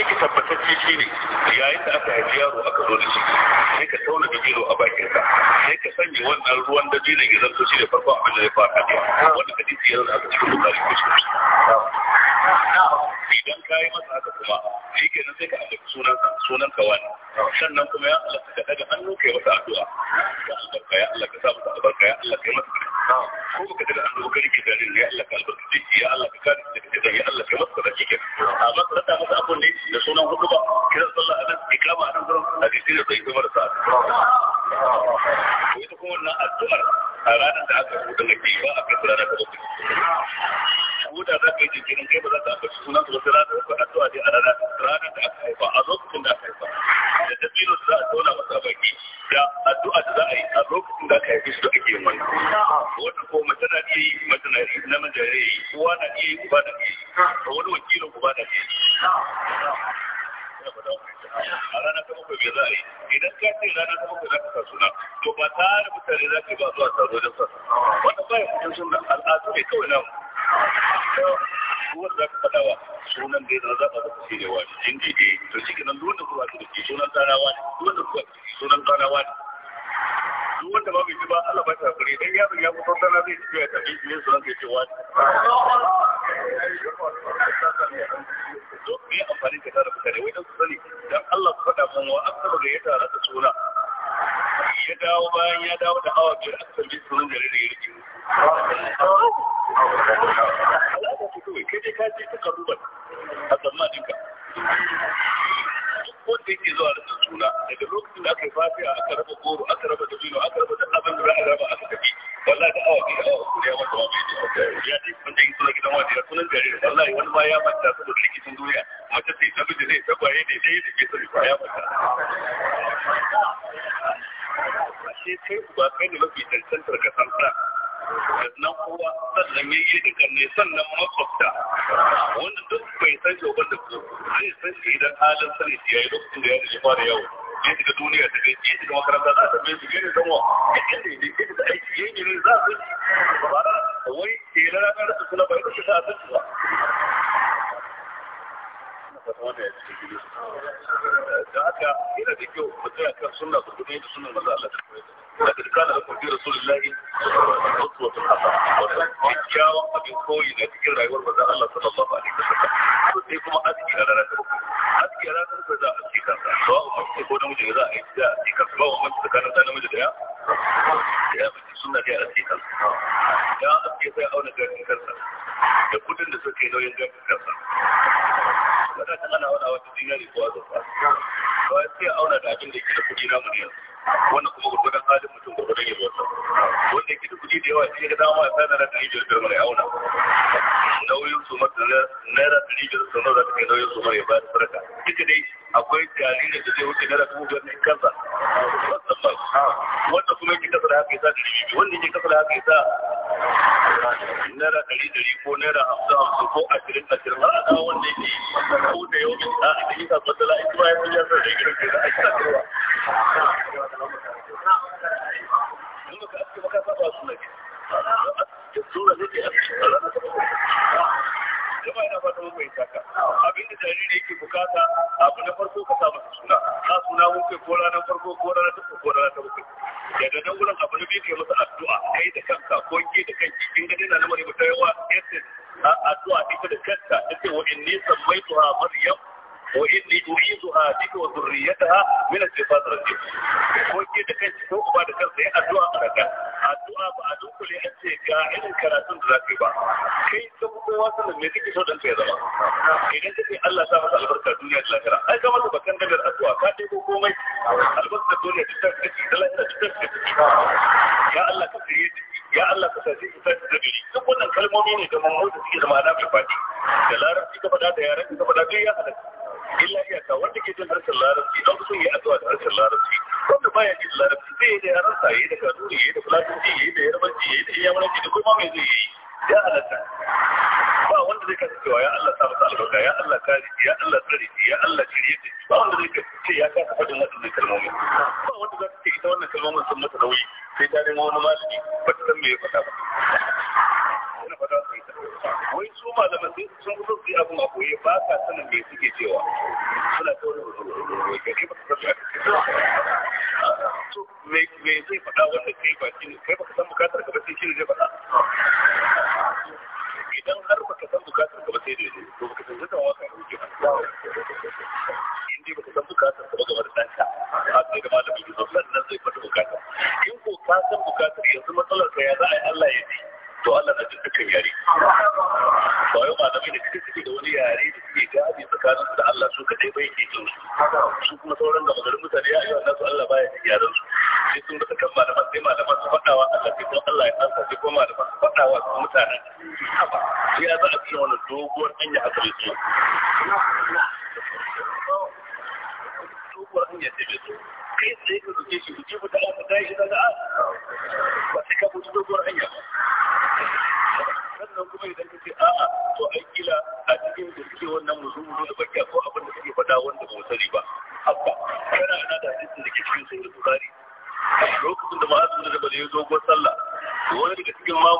ka tabbatar ce shi ne yayin da aka haifi yaro aka zo da shi sai ka tauna dabino a sa sai ka sanya wannan ruwan dabino ya zanto shi da farko abin da a fara haɗewa wanda ka dinka yanzu aka cikin bukari ko shi idan ka yi masa haka kuma shi ke nan sai ka ambaci sunan sunan ka wani sannan kuma ya Allah ka daga hannu kai masa addu'a ya Allah ka ya Allah ka sa masa albarka ya Allah ka yi masa ko ka da an dokar ke ganin ya Allah ka albarkace shi ya Allah ka kare shi da ya Allah ka masa baki ke amma ka rada masa abun ne da sunan hudu ba kira sallah a anan ikama anan gurin hadisi da bai kuma da marasa ko ita kuma wannan addu'ar a ranar da aka rubuta ga ba a kai ranar da bakwai ko da za ka yi jinkirin kai ba za ka ambaci sunan su ba sai ranar da addu'a ne a ranar da aka haifa a lokacin da da aka haife shi da ake yin wannan wannan ko mace na iya yi mace na iya namiji na yi uwa na iya yi uba na iya yi wani wakilin uba na iya yi a ranar ta bakwai me za a yi idan ka ce ranar ta bakwai za ka suna to ba da mutane za ka ba zuwa taro da sa wannan baya cikin na al'adu ne kawai namu ruwan za ka faɗa wa sunan da ya zaɓa da kusa da wani jinji ne to shi kenan duk wanda da ke sunan tsarawa ne duk wanda kuwa sunan tsarawa ne duk wanda babu shi ba Allah ba ta hakuri dan yaron ya kusa sana zai ci ya tafi ne su ranka ce wani to me amfani ka tara mutane wai dan su sani dan Allah ku faɗa mun wa aksaru da ya tara ta suna ya dawo bayan ya dawo da awa biyar aka tambaye sunan gari da ya rike al'ada ta kawai kai dai ka ce ta karuban a tsammaninka duk wanda yake zuwa da suna daga lokacin da aka yi a aka raba goro aka raba dabino aka raba da abin da za a raba aka tafi wallahi da awa biyu awa uku ya mata wani ya ce kun je suna gidan wani ya sunan jaririn wallahi wani ma ya manta saboda likitan duniya mace ce namiji ne ta kwaye ne sai ya tafi sani ba ya manta sai kai ba kai ne mafi tantantar ka san sannan yayye dukkan ne sannan makwabta wanda duk bai san shi ba da ku zai san shi idan halin sani ya yi lokacin da ya ji fara yawo ya shiga duniya ta gaji ya shiga makaranta za ta bai shiga ne don wa ya ne ne ya da aiki ya yi ne za su ba da wai ke rana ta da suna bai shi ta ta ba da haka yana da kyau mutum ya kan suna su kudu yadda suna maza Allah ta koyar da kada da kudi rasulullahi suna da a cikin kansa ya ake sai auna garin kansa da kudin da suke nauyin garin kansa kada ta ana wani wata dinari ko azurfa ba sai auna da abin da yake da kudi namu ne wanda kuma gurgudan halin mutum gurgudan yabo ta wanda yake da kudi da yawa shi ga dama sai na naira ido da mai auna nauyin su mata naira ɗari biyar da nawa za ta kai nauyin su mai ba da sarka duka dai akwai jaririn da zai wuce naira dubu biyar ne wanda kuma kasa da haka yasa dari biyu wanda kasa da haka yasa naira dari dari ko naira hamsin hamsin ko ashirin ashirin har a wanda yake ko da yau bin a kasuwar ya fi yasa da ke da ake jariri yake bukata abu na farko ka bakwai ko farko ko ranar ta ko ranar ta bakwai daga nan wurin abu ne ke masa addu'a kai da kanka ko ke da kanki kin ga dina yawa addu'a ita da wa inni maryam wa inni wa min al ko ke da kanki ko da kanka addu'a a dunkule an ce ga irin karatun da za ka yi ba kai ta kowa sanin ne kake so dan ka ya zama idan kace Allah sa masa albarka duniya da lahira ai ka masa bakan da addu'a ka dai ko komai albarka duniya da take da lahira ya Allah ka tsare ya Allah ka sa shi ta gari duk wannan kalmomi ne da mun mutu suke da ma'ana fadi da larabci ka faɗa da yaran ka ya illa iyaka wanda ke jin harshen larabci an fi yi addu'a da harshen larabci wanda baya jin larabci zai yi da yaran yayi da kanuri yi da fulatanci yi da yarbanci yayi zai faɗa idan har baka san bukatar ka ba sai da yaje to baka san zaka waka da kuke in dai baka san bukatar ka ba gaba da danka har sai da malamin ki zo sannan zai faɗi bukatar in ko ka san bukatar yanzu matsalar ka ya za a yi Allah ya ji to Allah na jin dukkan yare ba yau malamai da suke da wani yare da suke gadi tsakanin su da Allah su kadai bai ke jin su kuma sauran da magarin mutane ya yi Allah su Allah baya jin yaran su sai sun da kan malaman sai malaman su faɗawa Allah sai Allah ya ansa sai kuma malaman su faɗawa su mutanen sai ya za a cikin wani doguwar hanya a bai su. doguwar hanya sai bai so kai tsaye ka zuke shi ku ji ku da aka tashi da ba sai ka mutu doguwar hanya ba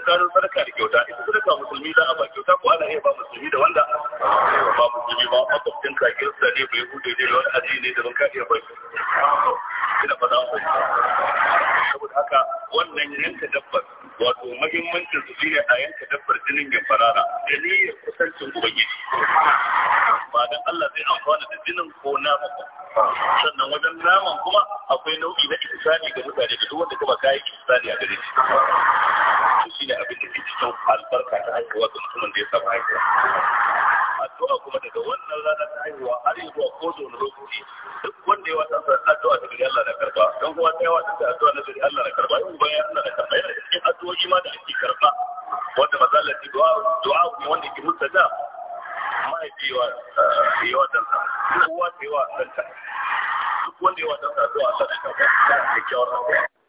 tsakanin sadaka da kyauta ita sadaka musulmi za a ba kyauta ko ana iya ba musulmi da wanda ba musulmi ba makwabcin ka kirista ne bai bude ne da wani aji ne da ka iya bai ina fata an fahimta saboda haka wannan yanka dabbar wato mahimmancin su shine a yanka dabbar jinin ya farara da niyyar kusancin ubangiji ba dan Allah zai amfana da jinin ko na ba sannan wajen naman kuma akwai nau'i na ne ga mutane da duk wanda kuma kayan ne a gare shi to shine abin da ke cikin albarka ta haihuwa ga mutumin da ya saba haihuwa addu'a kuma daga wannan rana ta haihuwa har yi zuwa ko wani lokaci duk wanda ya wata addu'a ta gari Allah na karba dan kuma ta addu'a na gari Allah na karba yau bayan Allah na karba yana cikin addu'o'i ma da ake karba wanda mazalar du'a du'a ne wanda ke mutsaja mahaifi yawa eh, yawa dan sa uwa yawa dan duk wanda ya wata addu'a karba